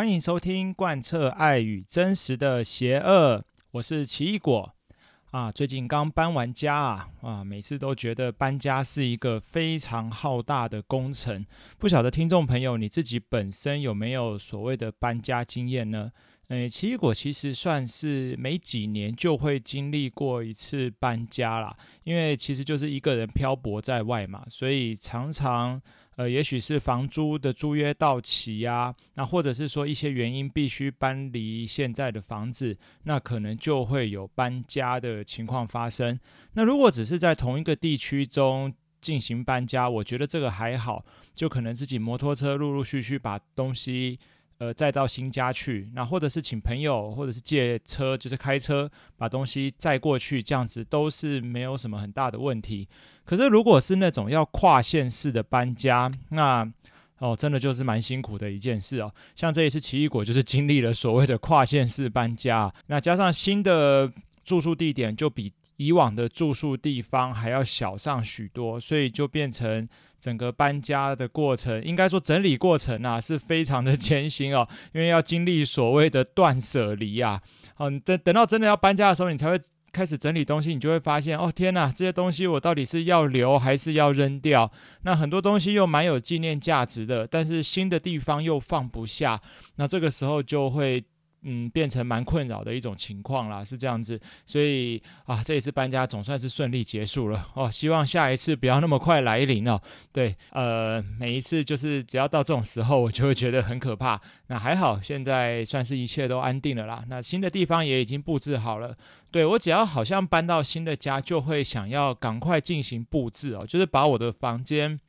歡迎收聽貫徹愛與真實的邪惡，我是奇異果啊。最近剛搬完家啊，啊，每次都覺得搬家是一個非常浩大的工程。不曉得聽眾朋友你自己本身有沒有所謂的搬家經驗呢？誒、呃，奇異果其實算是每幾年就會經歷過一次搬家啦，因為其實就是一個人漂泊在外嘛，所以常常。呃，也許是房租的租約到期呀，那或者是說一些原因必須搬離現在的房子，那可能就會有搬家的情況發生。那如果只是在同一個地區中進行搬家，我覺得這個還好，就可能自己摩托車陸陸續續把東西。呃，再到新家去，那或者是請朋友，或者是借車，就是開車把東西載過去，這樣子都是沒有什麼很大的問題。可是如果是那種要跨縣市的搬家，那哦，真的就是蠻辛苦的一件事哦。像這一次奇異果就是經歷了所謂的跨縣市搬家，那加上新的住宿地點就比以往的住宿地方還要小上許多，所以就變成。整個搬家的過程，應該說整理過程啊，是非常的艱辛哦，因為要經歷所謂的斷舍離啊。哦、嗯，等等到真的要搬家的時候，你才會開始整理東西，你就會發現，哦天吶，這些東西我到底是要留還是要扔掉？那很多東西又蠻有紀念價值的，但是新的地方又放不下，那這個時候就會。嗯，變成蠻困擾的一種情況啦，是這樣子，所以啊，這一次搬家總算是順利結束了哦。希望下一次不要那麼快來臨了。哦。對，呃，每一次就是只要到這種時候，我就會覺得很可怕。那還好，現在算是一切都安定了啦。那新的地方也已經佈置好了。對，我只要好像搬到新的家，就會想要趕快進行佈置哦，就是把我的房間。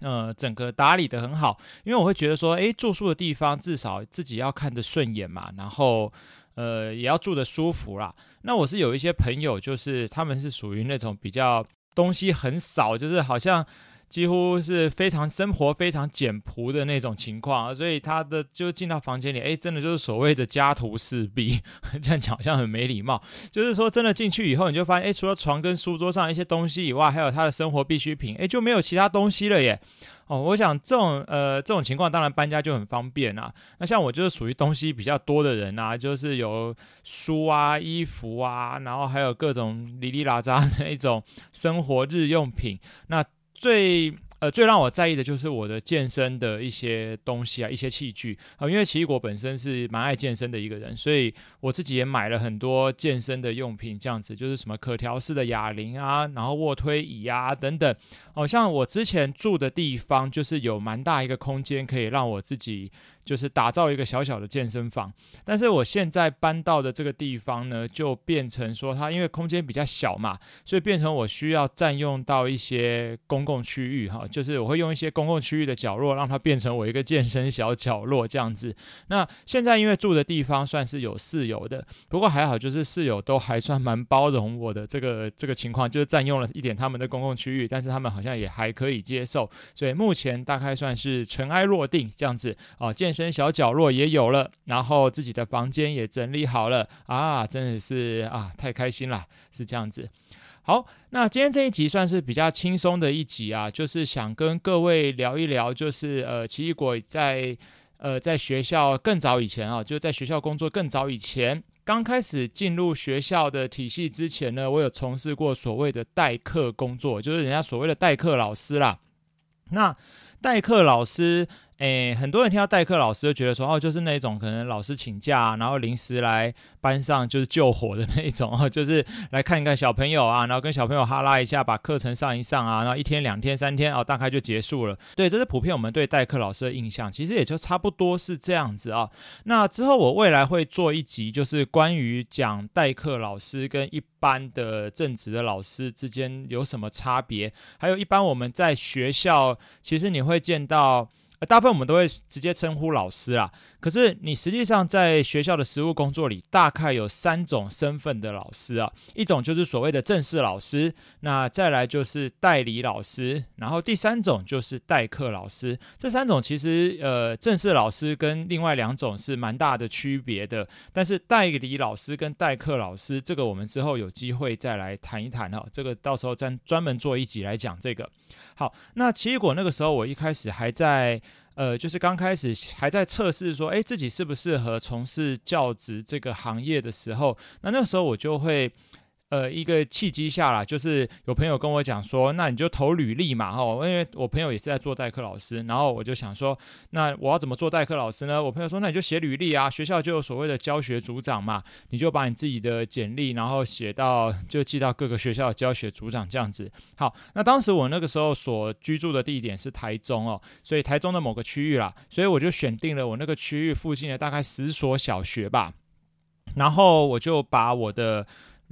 呃，整個打理得很好，因為我會覺得說，哎，住宿的地方至少自己要看着順眼嘛，然後，呃，也要住得舒服啦。那我是有一些朋友，就是他們是屬於那種比較東西很少，就是好像。幾乎是非常生活非常簡樸的那種情況，所以他的就進到房間裡，誒、欸，真的就是所謂的家徒四壁，這樣講好像很沒禮貌。就是說真的進去以後，你就發現，誒、欸，除了床跟書桌上一些東西以外，還有他的生活必需品，誒、欸，就沒有其他東西了耶。哦，我想這種呃這種情況，當然搬家就很方便啊。那像我就是屬於東西比較多的人啊，就是有書啊、衣服啊，然後還有各種哩哩啦喳的一種生活日用品，那。最呃，最讓我在意的就是我的健身的一些東西啊，一些器具啊、呃，因為奇異果本身是蠻愛健身的一個人，所以我自己也買了很多健身的用品，這樣子就是什麼可調式的啞鈴啊，然後臥推椅啊等等。好、呃、像我之前住的地方就是有蠻大一個空間，可以讓我自己。就是打造一個小小的健身房，但是我現在搬到的這個地方呢，就變成說它因為空間比較小嘛，所以變成我需要占用到一些公共區域哈、啊，就是我會用一些公共區域的角落，讓它變成我一個健身小角落這樣子。那現在因為住的地方算是有室友的，不過還好，就是室友都還算蠻包容我的這個這個情況，就是占用了一點他們的公共區域，但是他們好像也還可以接受，所以目前大概算是塵埃落定這樣子啊，健。小角落也有了，然後自己的房間也整理好了啊，真的是啊，太開心了，是這樣子。好，那今天這一集算是比較輕鬆的一集啊，就是想跟各位聊一聊，就是呃，奇異果在呃，在學校更早以前啊，就是在學校工作更早以前，剛開始進入學校的體系之前呢，我有從事過所謂的代課工作，就是人家所謂的代課老師啦。那代課老師，誒，很多人聽到代課老師就覺得說，哦，就是那種可能老師請假，然後臨時來班上就是救火的那一種哦，就是來看一看小朋友啊，然後跟小朋友哈拉一下，把課程上一上啊，然後一天、兩天、三天啊，哦，大概就結束了。對，這是普遍我們對代課老師的印象，其實也就差不多是這樣子啊，哦。那之後我未來會做一集，就是關於講代課老師跟一般的正職的老師之間有什麼差別，還有一般我們在學校其實你會見到。大部分我們都會直接稱呼老師啦，可是你實際上在學校的實務工作裡，大概有三種身份的老師啊，一種就是所謂的正式老師，那再來就是代理老師，然後第三種就是代課老師。這三種其實呃，正式老師跟另外兩種是蠻大的區別的，但是代理老師跟代課老師，這個我們之後有機會再來談一談哈。這個到時候專專門做一集來講這個。好，那奇異果那個時候我一開始還在。呃，就是剛開始還在測試說，哎、欸，自己適不適合從事教職這個行業的時候，那那個時候我就會。呃，一個契機下啦。就是有朋友跟我講說，那你就投履歷嘛，哦，吼，因為我朋友也是在做代課老師，然後我就想說，那我要怎麼做代課老師呢？我朋友說，那你就寫履歷啊，學校就有所謂的教學組長嘛，你就把你自己的簡歷，然後寫到就寄到各個學校教學組長這樣子。好，那當時我那個時候所居住的地點是台中哦，所以台中的某個區域啦，所以我就選定了我那個區域附近的大概十所小學吧，然後我就把我的。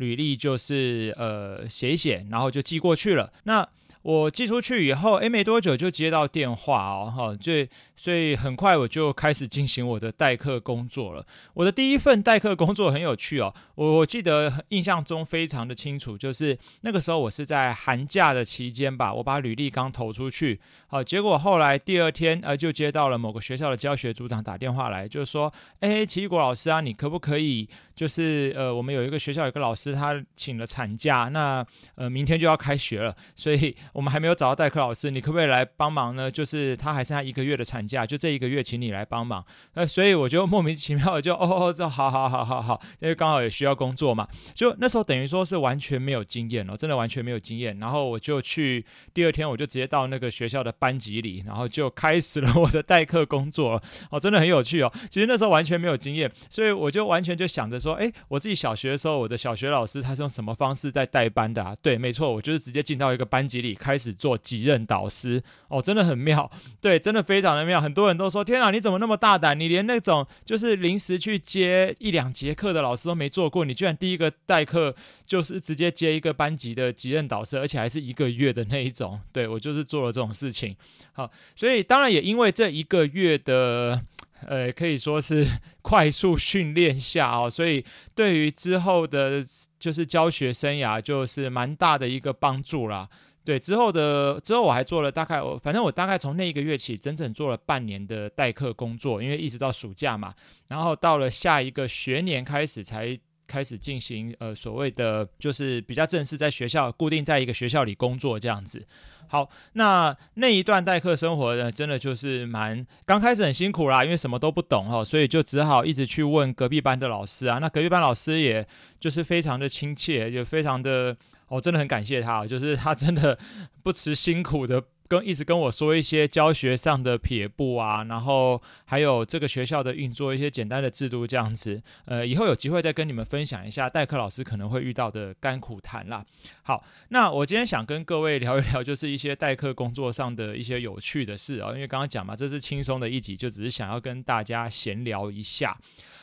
履歷就是呃寫一寫，然後就寄過去了。那我寄出去以後，誒，沒多久就接到電話哦，哈、哦，所以所以很快我就開始進行我的代課工作了。我的第一份代課工作很有趣哦，我我記得印象中非常的清楚，就是那個時候我是在寒假的期間吧，我把履歷剛投出去，好、哦，結果後來第二天，呃，就接到了某個學校的教學組長打電話來，就是說，哎，奇異果老師啊，你可不可以，就是呃，我們有一個學校有個老師他請了產假，那呃，明天就要開學了，所以。我們還沒有找到代課老師，你可不可以來幫忙呢？就是他還剩下一個月的產假，就這一個月，請你來幫忙。那、呃、所以我就莫名其妙的就哦哦，這好好好好好，因為剛好也需要工作嘛。就那時候等於說是完全沒有經驗哦，真的完全沒有經驗。然後我就去第二天，我就直接到那個學校的班級裡，然後就開始了我的代課工作。哦，真的很有趣哦。其實那時候完全沒有經驗，所以我就完全就想着說，誒，我自己小學的時候，我的小學老師他是用什麼方式在代班的？啊？對，沒錯，我就是直接進到一個班級裡。開始做級任導師哦，真的很妙，對，真的非常的妙。很多人都說：“天啊，你怎麼那麼大膽？你連那種就是臨時去接一兩節課的老師都沒做過，你居然第一個代課就是直接接一個班級的級任導師，而且還是一個月的那一種。”對，對，我就是做了這種事情。好，所以當然也因為這一個月的呃，可以說是快速訓練下哦，所以對於之後的就是教學生涯就是蠻大的一個幫助啦。對，之後的之後我還做了大概，我反正我大概從那一個月起，整整做了半年的代課工作，因為一直到暑假嘛，然後到了下一個學年開始才開始進行，呃，所謂的就是比較正式在學校，固定在一個學校裡工作這樣子。好，那那一段代課生活呢，真的就是蠻剛開始很辛苦啦，因為什麼都不懂哈、哦，所以就只好一直去問隔壁班的老師啊。那隔壁班老師也就是非常的親切，也非常的。我、oh, 真的很感謝他、啊，就是他真的不辭辛苦的跟一直跟我說一些教學上的撇步啊，然後還有這個學校的運作一些簡單的制度這樣子。呃，以後有機會再跟你們分享一下代課老師可能會遇到的甘苦談啦。好，那我今天想跟各位聊一聊，就是一些代課工作上的一些有趣的事啊，因為剛剛講嘛，這是輕鬆的一集，就只是想要跟大家閒聊一下。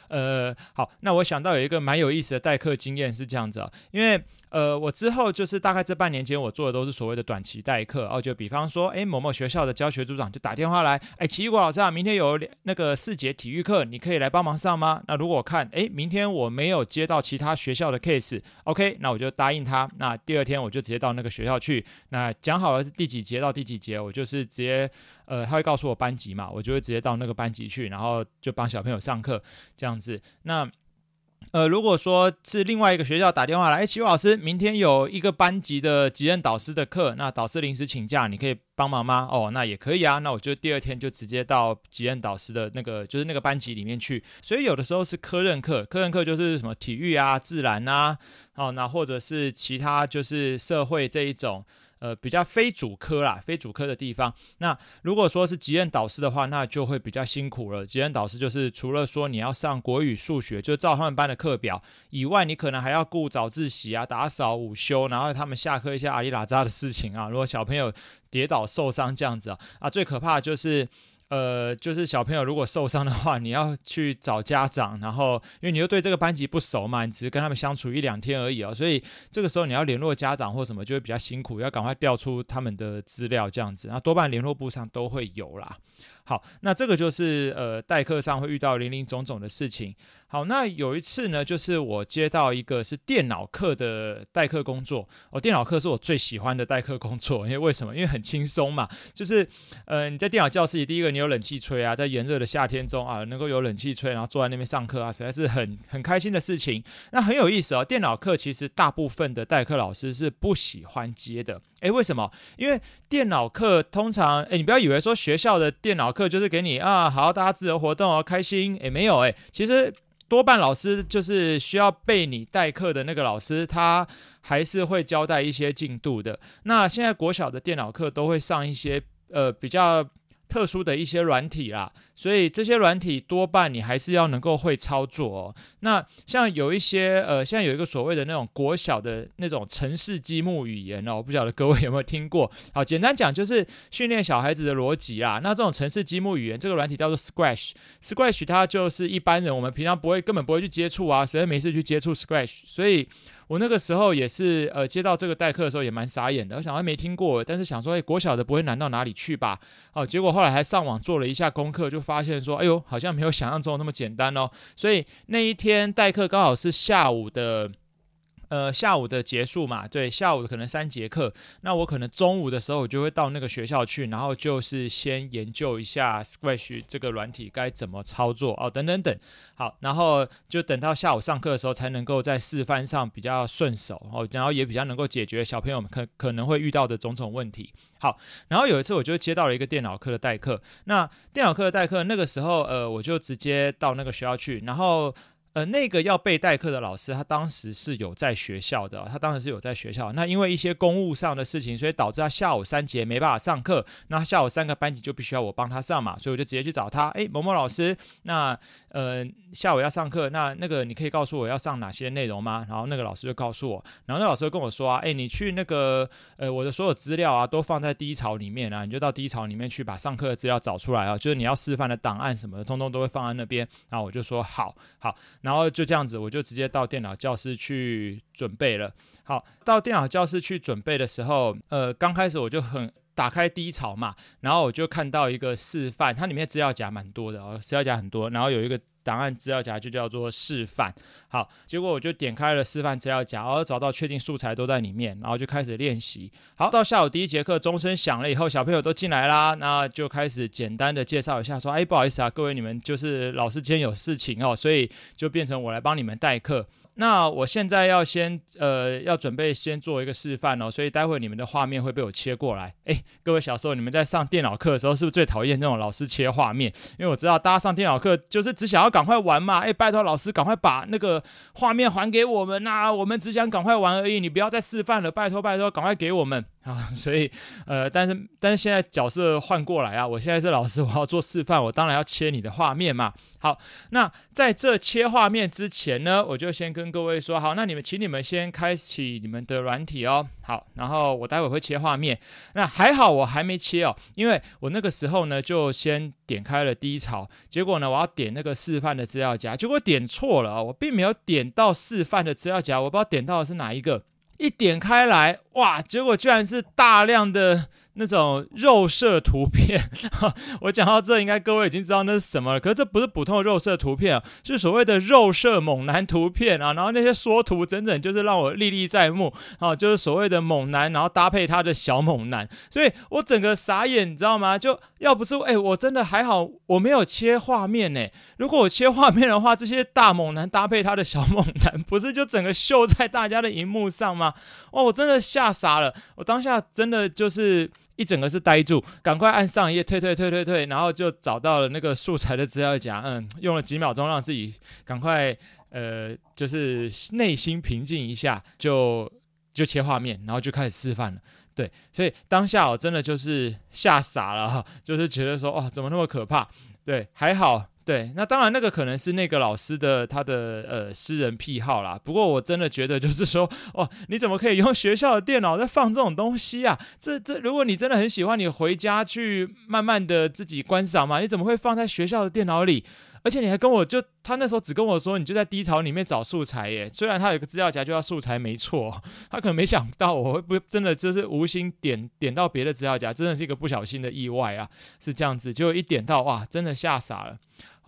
呃，好，那我想到有一個蠻有意思的代課經驗是這樣子，啊，因為。呃，我之後就是大概這半年間，我做的都是所謂的短期代課。哦，就比方說，誒、欸，某某學校的教學組長就打電話來，誒、欸，奇異果老師啊，明天有那個四節體育課，你可以來幫忙上嗎？那如果我看，誒、欸，明天我沒有接到其他學校的 case，OK，、OK, 那我就答應他。那第二天我就直接到那個學校去。那講好了是第幾節到第幾節，我就是直接，呃，他會告訴我班級嘛，我就會直接到那個班級去，然後就幫小朋友上課這樣子。那呃，如果說是另外一個學校打電話來，哎，齊武老師，明天有一個班級的級任導師的課，那導師臨時請假，你可以幫忙嗎？哦，那也可以啊，那我就第二天就直接到級任導師的那個，就是那個班級裡面去。所以有的時候是科任課，科任課就是什麼體育啊、自然啊，哦，那或者是其他就是社會這一種。呃，比較非主科啦，非主科的地方。那如果說是兼任導師的話，那就會比較辛苦了。兼任導師就是除了說你要上國語、數學，就照他們班的課表以外，你可能還要顧早自習啊、打掃、午休，然後他們下課一些阿里啦扎的事情啊。如果小朋友跌倒受傷這樣子啊，啊，最可怕就是。呃，就是小朋友如果受傷的話，你要去找家長，然後因為你又對這個班級不熟嘛，你只是跟他們相處一兩天而已哦，所以這個時候你要聯絡家長或什麼就會比較辛苦，要趕快調出他們的資料這樣子，那多半聯絡簿上都會有啦。好，那這個就是呃，代課上會遇到林林總總的事情。好，那有一次呢，就是我接到一個是電腦課的代課工作。哦，電腦課是我最喜歡的代課工作，因為為什麼？因為很輕鬆嘛。就是呃，你在電腦教室裡，第一個你有冷氣吹啊，在炎熱的夏天中啊，能夠有冷氣吹，然後坐在那邊上課啊，實在是很很開心的事情。那很有意思哦，電腦課其實大部分的代課老師是不喜歡接的。誒，為什麼？因為電腦課通常，誒，你不要以為說，學校的電腦課就是給你啊，好，大家自由活動哦，開心，誒，沒有，誒，其實多半老師就是需要被你代課的那個老師，他還是會交代一些進度的。那現在國小的電腦課都會上一些，呃，比較。特殊的一些軟體啦、啊，所以這些軟體多半你還是要能夠會操作哦。那像有一些呃，現在有一個所謂的那種國小的那種程式積木語言哦，我不曉得各位有沒有聽過？好，簡單講就是訓練小孩子的邏輯啦。那這種程式積木語言，這個軟體叫做 Scratch，Scratch 它就是一般人我們平常不會，根本不會去接觸啊，誰也沒事去接觸 Scratch，所以。我那個時候也是，呃，接到這個代課的時候也蠻傻眼的，我想還沒聽過，但是想說，哎，國小的不會難到哪裡去吧？哦，啊，結果後來還上網做了一下功課，就發現說，哎呦，好像沒有想象中那麼簡單哦。所以那一天代課剛好是下午的。呃，下午的結束嘛，對，下午可能三節課，那我可能中午的時候我就會到那個學校去，然後就是先研究一下 Scratch 這個軟體該怎麼操作哦，等等等，好，然後就等到下午上課的時候才能夠在示範上比較順手哦，然後也比較能夠解決小朋友們，可可能會遇到的種種問題。好，然後有一次我就接到了一個電腦課的代課，那電腦課的代課那個時候，呃，我就直接到那個學校去，然後。呃，那個要被代課的老師，他當時是有在學校的，他當時是有在學校。那因為一些公務上的事情，所以導致他下午三節沒辦法上課。那下午三個班級就必須要我幫他上嘛，所以我就直接去找他。誒、欸，某某老師，那呃下午要上課，那那個你可以告訴我要上哪些內容嗎？然後那個老師就告訴我，然後那個老師就跟我說啊，誒、欸，你去那個呃我的所有資料啊都放在 D 槽裡面啊，你就到 D 槽裡面去把上課的資料找出來啊，就是你要示範的檔案什麼的，通通都會放在那邊。然後我就說好，好。然後就這樣子，我就直接到電腦教室去準備了。好，到電腦教室去準備的時候，呃，剛開始我就很打開 D 槽嘛，然後我就看到一個示範，它裡面資料夾蠻多的哦，資料夾很多，然後有一個。檔案資料夾就叫做示範，好，結果我就點開了示範資料夾，然後找到確定素材都在裡面，然後就開始練習。好，到下午第一節課鐘聲響了以後，小朋友都進來啦，那就開始簡單的介紹一下，說，哎，不好意思啊，各位，你們就是老師今天有事情哦，所以就變成我來幫你們代課。那我現在要先呃，要準備先做一個示範哦，所以待會你們的畫面會被我切過來。誒。各位小時候你們在上電腦課的時候，是不是最討厭那種老師切畫面？因為我知道大家上電腦課就是只想要趕快玩嘛。誒，拜託老師趕快把那個畫面還給我們吶，啊，我們只想趕快玩而已，你不要再示範了，拜託拜託，趕快給我們啊。所以呃，但是但是現在角色換過來啊，我現在是老師，我要做示範，我當然要切你的畫面嘛。好，那在這切畫面之前呢，我就先跟各位說好，那你們請你們先開啟你們的軟體哦。好，然後我待會會切畫面。那還好我還沒切哦，因為我那個時候呢就先點開了 D 槽，結果呢我要點那個示範的資料夾，結果點錯了啊、哦，我並沒有點到示範的資料夾，我不知道點到的是哪一個。一點開來，哇，結果居然是大量的。那種肉色圖片， 我講到這，應該各位已經知道那是什麼了。可是這不是普通的肉色圖片啊，是所謂的肉色猛男圖片啊。然後那些縮圖，整整就是讓我歷歷在目啊，就是所謂的猛男，然後搭配他的小猛男，所以我整個傻眼，你知道嗎？就要不是哎、欸，我真的還好，我沒有切畫面呢、欸。如果我切畫面的話，這些大猛男搭配他的小猛男，不是就整個秀在大家的熒幕上嗎？哇，我真的嚇傻了，我當下真的就是。一整個是呆住，趕快按上一頁，退退退退退，然後就找到了那個素材的資料夾，嗯，用了幾秒鐘讓自己趕快，呃，就是內心平靜一下，就就切畫面，然後就開始示範了。對，所以當下我真的就是嚇傻了，就是覺得說，哇、哦，怎麼那麼可怕？對，還好。對，那當然，那個可能是那個老師的他的呃私人癖好啦。不過我真的覺得就是說，哦，你怎麼可以用學校的電腦在放這種東西啊？這這，如果你真的很喜歡，你回家去慢慢的自己觀賞嘛。你怎麼會放在學校的電腦裡？而且你還跟我就他那時候只跟我說，你就在 D 槽裡面找素材耶，欸。雖然他有個資料夾就叫素材，沒錯，他可能沒想到我會不真的就是無心點點到別的資料夾，真的是一個不小心的意外啊，是這樣子，就一點到哇，真的嚇傻了。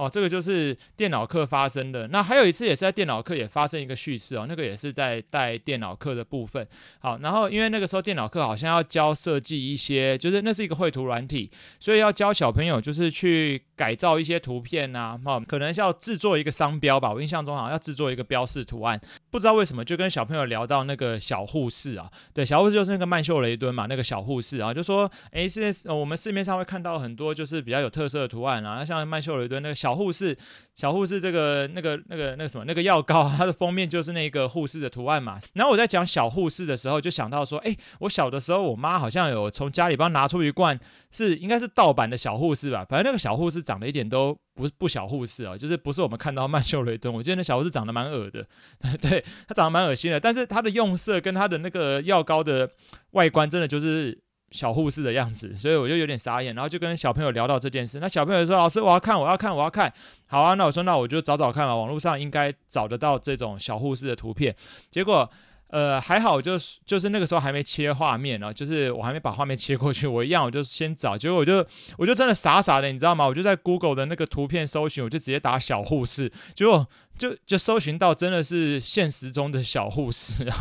哦，這個就是電腦課發生的。那還有一次也是在電腦課也發生一個敘事哦，那個也是在帶電腦課的部分。好，然後因為那個時候電腦課好像要教設計一些，就是那是一個繪圖軟體，所以要教小朋友就是去改造一些圖片吶、啊哦，可能是要製作一個商標吧。我印象中好像要製作一個標示圖案，不知道為什麼就跟小朋友聊到那個小護士啊，對，小護士就是那個曼秀雷敦嘛，那個小護士啊，就說誒現在、哦、我們市面上會看到很多就是比較有特色的圖案啊，像曼秀雷敦那個小護士、啊。小護士，小護士，這個那個那個那個什麼，那個藥膏，它的封面就是那個護士的圖案嘛。然後我在講小護士的時候，就想到說，哎、欸，我小的時候，我媽好像有從家裡幫拿出一罐是，應是應該是盜版的小護士吧？反正那個小護士長得一點都不不小護士啊、喔，就是不是我們看到曼秀雷敦。我覺得那小護士長得蠻惡的呵呵，對，他長得蠻噁心的。但是他的用色跟他的那個藥膏的外觀，真的就是。小護士的樣子，所以我就有點傻眼，然後就跟小朋友聊到這件事。那小朋友就說：“老師，我要看，我要看，我要看。”好啊，那我說：“那我就找找看吧，網絡上應該找得到這種小護士的圖片。”結果。呃，還好，我就就是那個時候還沒切畫面啊。就是我還沒把畫面切過去，我一樣，我就先找，結果我就我就真的傻傻的，你知道嗎？我就在 Google 的那個圖片搜尋，我就直接打小護士，結果就就搜尋到真的是現實中的小護士啊，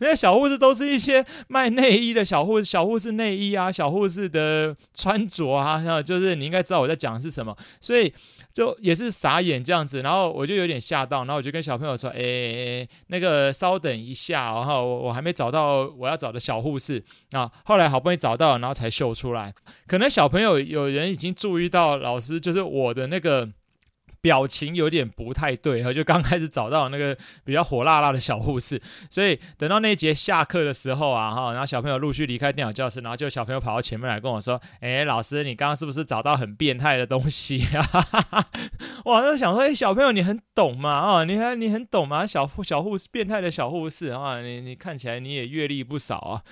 那些小護士都是一些賣內衣的小護士，小護士內衣啊，小護士的穿着啊，那就是你應該知道我在講的是什麼，所以。就也是傻眼這樣子，然後我就有點嚇到，然後我就跟小朋友說：“誒、欸，那個稍等一下，然後我我還沒找到我要找的小護士啊。”後後來好不容易找到，然後才秀出來。可能小朋友有人已經注意到老師，就是我的那個。表情有點不太對，哈，就剛開始找到那個比較火辣辣的小護士，所以等到那一節下課的時候啊，哈，然後小朋友陸續離開電腦教室，然後就小朋友跑到前面來跟我說：“誒，老師，你剛剛是不是找到很變態的東西啊？”我 就想說：“誒，小朋友，你很懂嘛啊？你看你很懂嘛？小小護士變態的小護士啊？你你看起來你也閱歷不少啊。”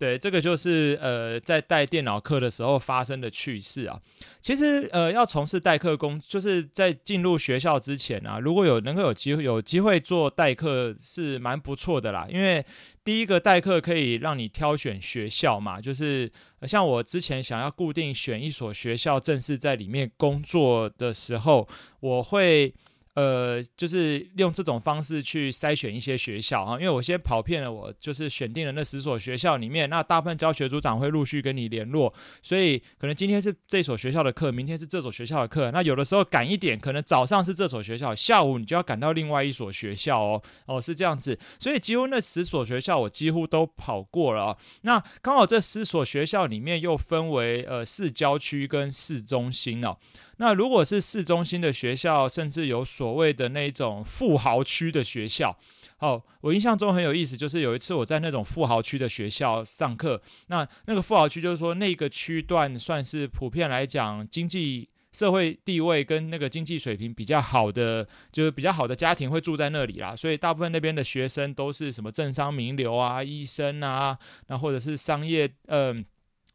對，這個就是呃，在代電腦課的時候發生的趣事啊。其實呃，要從事代課工，就是在進入學校之前啊，如果有能夠有機會有機會做代課，是蠻不錯的啦。因為第一個代課可以讓你挑選學校嘛，就是，呃，像我之前想要固定選一所學校，正式在裡面工作的時候，我會。呃，就是用這種方式去篩選一些學校啊，因為我先跑遍了，我就是選定了那十所學校裡面，那大部分教學組長會陸續跟你聯絡，所以可能今天是這所學校的課，明天是這所學校的課，那有的時候趕一點，可能早上是這所學校，下午你就要趕到另外一所學校哦，哦是這樣子，所以幾乎那十所學校我幾乎都跑過了哦，那剛好這十所學校裡面又分為呃市郊區跟市中心哦。那如果是市中心的學校，甚至有所謂的那種富豪區的學校，好，我印象中很有意思，就是有一次我在那種富豪區的學校上課，那那個富豪區就是說那個區段算是普遍來講，經濟社會地位跟那個經濟水平比較好的，就是比較好的家庭會住在那裡啦，所以大部分那邊的學生都是什麼政商名流啊、醫生啊，那或者是商業，嗯、呃。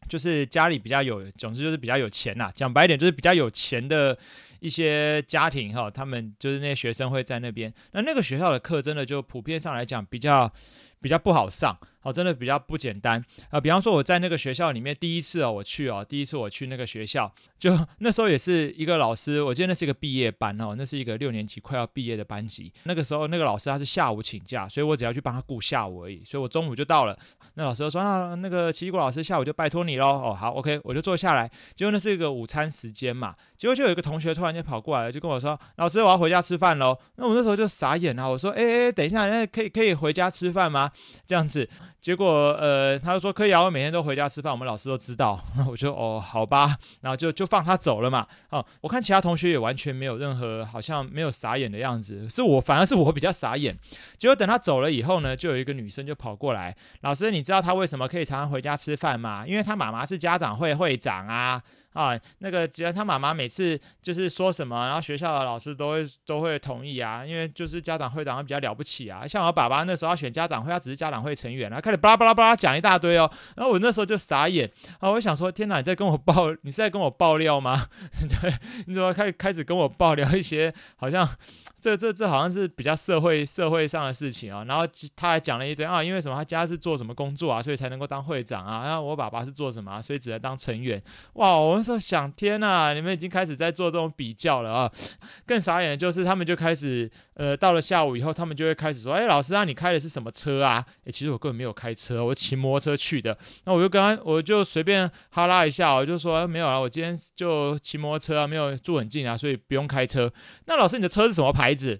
就是家裡比較有，總之就是比較有錢啦、啊，講白一點，就是比較有錢的一些家庭哈，他們就是那些學生會在那邊。那那個學校的課真的就普遍上來講比較比較不好上。哦，真的比較不簡單啊！比方說，我在那個學校裡面，第一次哦，我去哦，第一次我去那個學校，就那時候也是一個老師，我記得那是一個畢業班哦，那是一個六年級快要畢業的班級。那個時候，那個老師他是下午請假，所以我只要去幫他顧下午而已，所以我中午就到了。那老師說：“啊，那個奇異果老師下午就拜託你嘍。”哦，好，OK，我就坐下來。結果那是一個午餐時間嘛，結果就有一個同學突然就跑過來了，就跟我說：“老師，我要回家吃飯嘍。”那我那時候就傻眼了、啊，我說：“哎、欸、哎、欸，等一下，那、欸、可以可以回家吃飯嗎？這樣子？”結果，呃，他就說可以啊，我每天都回家吃飯，我們老師都知道。然後我就哦，好吧，然後就就放他走了嘛。哦、啊，我看其他同學也完全沒有任何，好像沒有傻眼的樣子，是我，反而是我比較傻眼。結果等他走了以後呢，就有一個女生就跑過來，老師，你知道他為什麼可以常常回家吃飯嗎？因為他媽媽是家長會會長啊。啊，那個，既然他媽媽每次就是說什麼，然後學校的老師都會都會同意啊，因為就是家長會長會比較了不起啊。像我爸爸那時候要選家長會，他只是家長會成員，然後開始巴拉巴拉巴拉講一大堆哦。然後我那時候就傻眼啊，我想說：天哪，你在跟我爆，你是在跟我爆料嗎？對， 你怎麼開開始跟我爆料一些好像？這這這好像是比較社會社會上的事情啊、哦，然後他還講了一堆啊，因為什麼他家是做什麼工作啊，所以才能夠當會長啊，然、啊、後我爸爸是做什麼啊，所以只能當成員。哇，我們說想天哪、啊，你們已經開始在做這種比較了啊！更傻眼的就是他們就開始呃，到了下午以後，他們就會開始說，哎，老師啊，你開的是什麼車啊？哎，其實我根本沒有開車，我騎摩托車去的。那我就跟他我就隨便哈拉一下、哦，我就說、哎、沒有啦、啊，我今天就騎摩托車啊，沒有住很近啊，所以不用開車。那老師，你的車是什麼牌？孩子，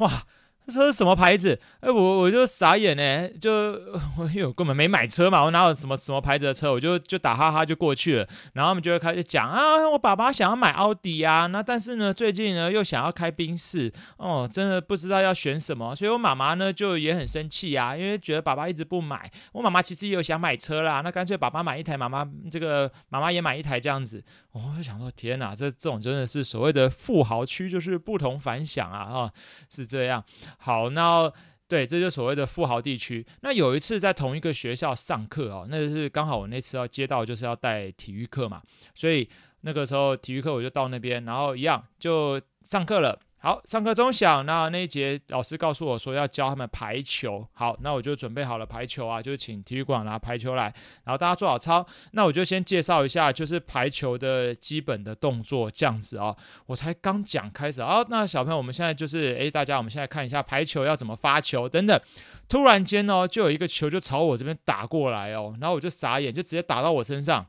哇！車是什麼牌子？哎、欸，我我就傻眼，哎、欸，就我有根本沒買車嘛，我哪有什麼什麼牌子的車？我就就打哈哈就過去了。然後他們就會開始講啊，我爸爸想要買奧迪啊。那但是呢，最近呢又想要開賓士，哦，真的不知道要選什麼。所以我媽媽呢就也很生氣啊，因為覺得爸爸一直不買。我媽媽其實也有想買車啦，那乾脆爸爸買一台，媽媽這個媽媽也買一台這樣子。哦、我就想說，天哪、啊，這這種真的是所謂的富豪區，就是不同凡響啊啊、哦，是這樣。好，那、哦、對，這就是所謂的富豪地區。那有一次在同一個學校上課哦，那就是剛好我那次要接到就是要帶體育課嘛，所以那個時候體育課我就到那邊，然後一樣就上課了。好，上課鐘響，那那一節老師告訴我說要教他們排球，好，那我就準備好了排球啊，就請體育館拿排球來，然後大家做好操，那我就先介紹一下，就是排球的基本的動作這樣子哦，我才剛講開始哦。那小朋友我們現在就是，誒，大家我們現在看一下排球要怎麼發球等等，突然間哦，就有一個球就朝我這邊打過來哦，然後我就傻眼，就直接打到我身上。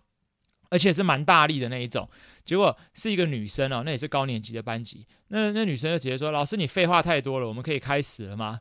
而且是蠻大力的那一種，結果是一個女生哦，那也是高年級的班級，那那女生就直接說：“老師，你廢話太多了，我們可以開始了嗎？”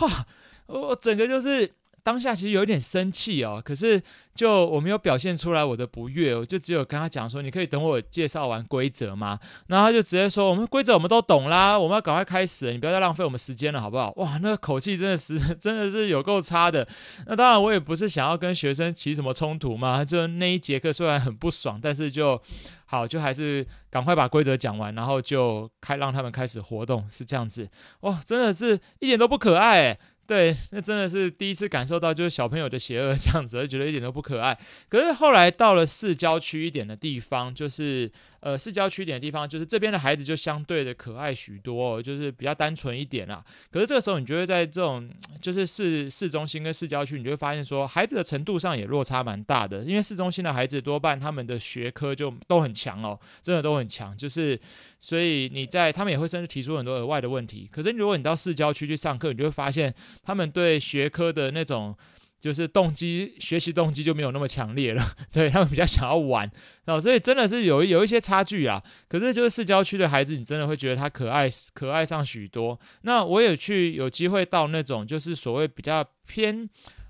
哇，我整個就是。當下其實有點生氣哦，可是就我沒有表現出來我的不悅，我就只有跟他講說，你可以等我介紹完規則嗎？然後他就直接說，我們規則我們都懂啦，我們要趕快開始，你不要再浪費我們時間了，好不好？哇，那個口氣真的是真的是有夠差的。那當然我也不是想要跟學生起什麼衝突嘛，就那一節課雖然很不爽，但是就好就還是趕快把規則講完，然後就開讓他們開始活動，是這樣子。哇，真的是一點都不可愛欸。對，那真的是第一次感受到，就是小朋友的邪惡這樣子，覺得一點都不可愛。可是後來到了市郊區一點的地方，就是呃市郊區一點的地方，就是這邊的孩子就相對的可愛許多哦，就是比較單純一點啦。可是這個時候，你就會在這種就是市市中心跟市郊區，你就會發現說，孩子的程度上也落差蠻大的。因為市中心的孩子多半他們的學科就都很強哦，真的都很強，就是。所以你在他們也會甚至提出很多額外的問題。可是如果你到市郊區去上課，你就會發現他們對學科的那種就是動機學習動機，就沒有那麼強烈了。對，他們比較想要玩，然後所以真的是有一有一些差距啊。可是就是市郊區的孩子，你真的會覺得他可愛可愛上許多。那我也去有機會到那種就是所謂比較偏。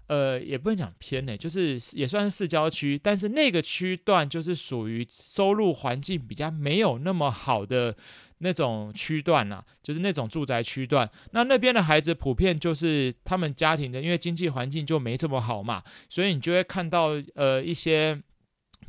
呃，也不能講偏呢、欸，就是也算是市郊區，但是那個區段就是屬於收入環境比較沒有那麼好的那種區段啦、啊，就是那種住宅區段。那那邊的孩子普遍就是他們家庭的，因為經濟環境就沒這麼好嘛，所以你就會看到呃一些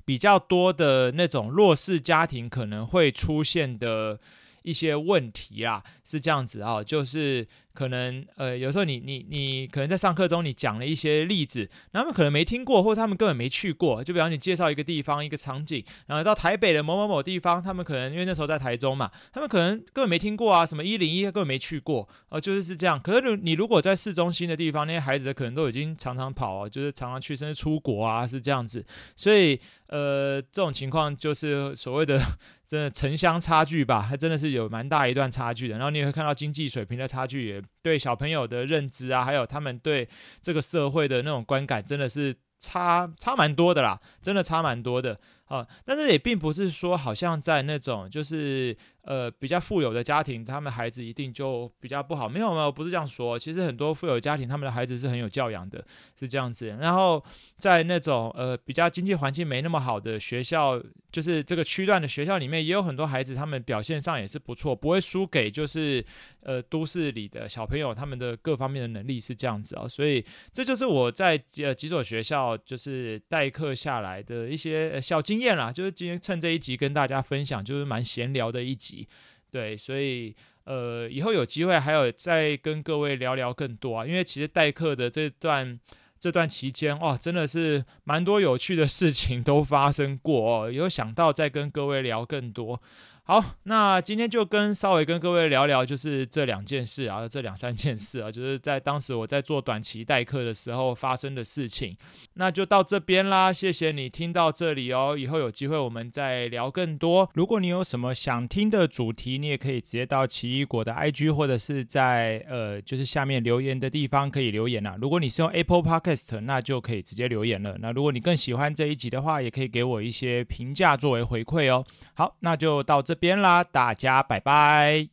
比較多的那種弱勢家庭可能會出現的一些問題啊。是這樣子啊，就是。可能呃，有時候你你你可能在上課中，你講了一些例子，然後，他們可能沒聽過，或者他們根本沒去過。就比方你介紹一個地方一個場景，然後到台北的某某某地方，他們可能因為那時候在台中嘛，他們可能根本沒聽過啊，什麼一零一他根本沒去過，呃，就是是這樣。可是你如果在市中心的地方，那些孩子可能都已經常常跑，就是常常去，甚至出國啊，是這樣子。所以。呃，這種情況就是所謂的真的城鄉差距吧，還真的是有蠻大一段差距的。然後你也會看到經濟水平的差距，也對小朋友的認知啊，還有他們對這個社會的那種觀感，真的是差差蠻多的啦，真的差蠻多的。啊、哦，但是也並不是說，好像在那種就是呃比較富有的家庭，他們孩子一定就比較不好，沒有沒有，不是這樣說。其實很多富有家庭，他們的孩子是很有教養的，是這樣子。然後在那種呃比較經濟環境沒那麼好的學校，就是這個區段的學校裡面，也有很多孩子，他們表現上也是不錯，不會輸給就是呃都市裡的小朋友，他們的各方面的能力，是這樣子啊、哦。所以這就是我在幾、呃、幾所學校就是代課下來的一些、呃、小經。經驗啦，就是今天趁這一集跟大家分享，就是蠻閒聊的一集，對，所以呃，以後有機會還有再跟各位聊聊更多啊，因為其實代課的這段這段期間哦，真的是蠻多有趣的事情都發生過哦，有想到再跟各位聊更多。好，那今天就跟稍微跟各位聊聊，就是這兩件事啊，這兩三件事啊，就是在當時我在做短期代課的時候發生的事情。那就到這邊啦，謝謝你聽到這裡哦。以後有機會我們再聊更多。如果你有什麼想聽的主題，你也可以直接到奇異果的 IG 或者是在呃就是下面留言的地方可以留言啦、啊。如果你是用 Apple Podcast，那就可以直接留言了。那如果你更喜歡這一集的話，也可以給我一些評價作為回饋哦。好，那就到這邊。邊啦，大家拜拜。